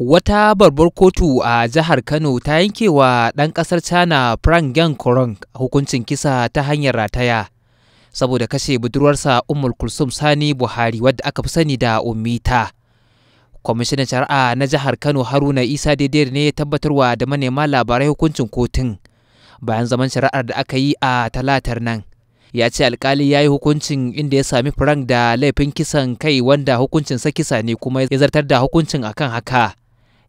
Wata babbar kotu a jihar Kano ta yanke wa ɗan ƙasar China Frank Geng Korong hukuncin kisa ta hanyar rataya saboda kashe budurwarsa Umar Kulsum Sani Buhari wadda aka fi sani da Ummita. Kwamishinan Shari'a na jihar Kano Haruna Isa Dedere ne ya tabbatarwa da manema labarai hukuncin kotun bayan zaman shari'ar da aka yi a talatar nan. Ya ce alkali ya yi hukuncin inda ya sami Frank da laifin kisan kai wanda hukuncinsa kisa ne kuma ya zartar da hukuncin akan haka.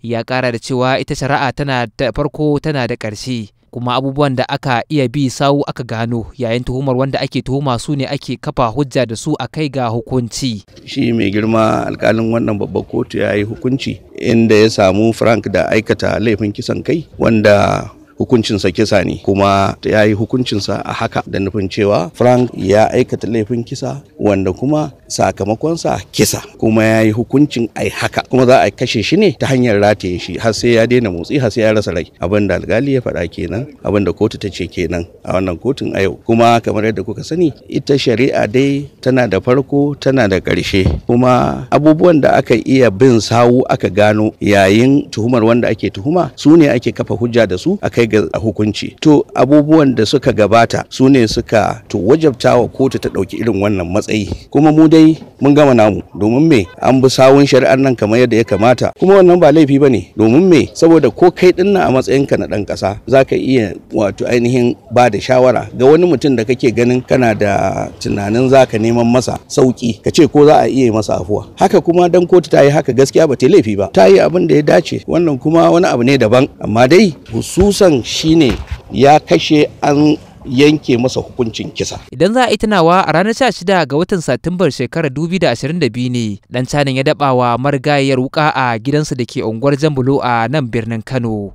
ya kara da cewa ita shari'a tana da farko tana da ƙarshe kuma abubuwan da aka iya bi sawu aka gano yayin tuhumar wanda ake tuhuma su ne ake kafa hujja da su a kai ga hukunci shi mai girma alkalin wannan babban kotu ya yi hukunci inda ya samu frank da aikata laifin kisan kai wanda hukuncinsa kisa ne kuma ya yi hukuncinsa a haka da nufin cewa frank ya aikata laifin kisa wanda kuma sakamakonsa kisa kuma ya yi hukuncin ai haka kuma za a kashe shi ne ta hanyar rataye shi har sai ya daina motsi har sai ya rasa rai abin da alkali ya faɗa kenan abin da kotu ta ce kenan a wannan kotun a yau kuma kamar yadda kuka sani ita shari'a dai tana da farko tana da ƙarshe kuma abubuwan da aka iya bin sawu aka gano yayin tuhumar wanda ake tuhuma su ne ake kafa hujja da su a kai ga hukunci to abubuwan da suka gabata su ne suka to wajabta wa kotu ta ɗauki irin wannan matsayi kuma mu dai dai mun gama namu domin me an bi sawun shari'ar nan kamar yadda ya kamata kuma wannan ba laifi bane domin me saboda ko kai din a matsayinka na dan kasa zaka iya wato ainihin ba da shawara ga wani mutum da kake ganin kana da tunanin zaka neman masa sauki ka ce ko za a iya masa afuwa haka kuma dan kotu ta yi haka gaskiya ba ta laifi ba ta yi abin da ya dace wannan kuma wani abu ne daban amma dai hususan shine ya kashe an yanke masa hukuncin kisa. Idan za a yi tunawa a ranar sha shida ga watan Satumbar shekarar dubi da biyu ne dan canin ya dabawa marigayiyar wuƙa a gidansa da ke unguwar Jambulo a nan birnin Kano.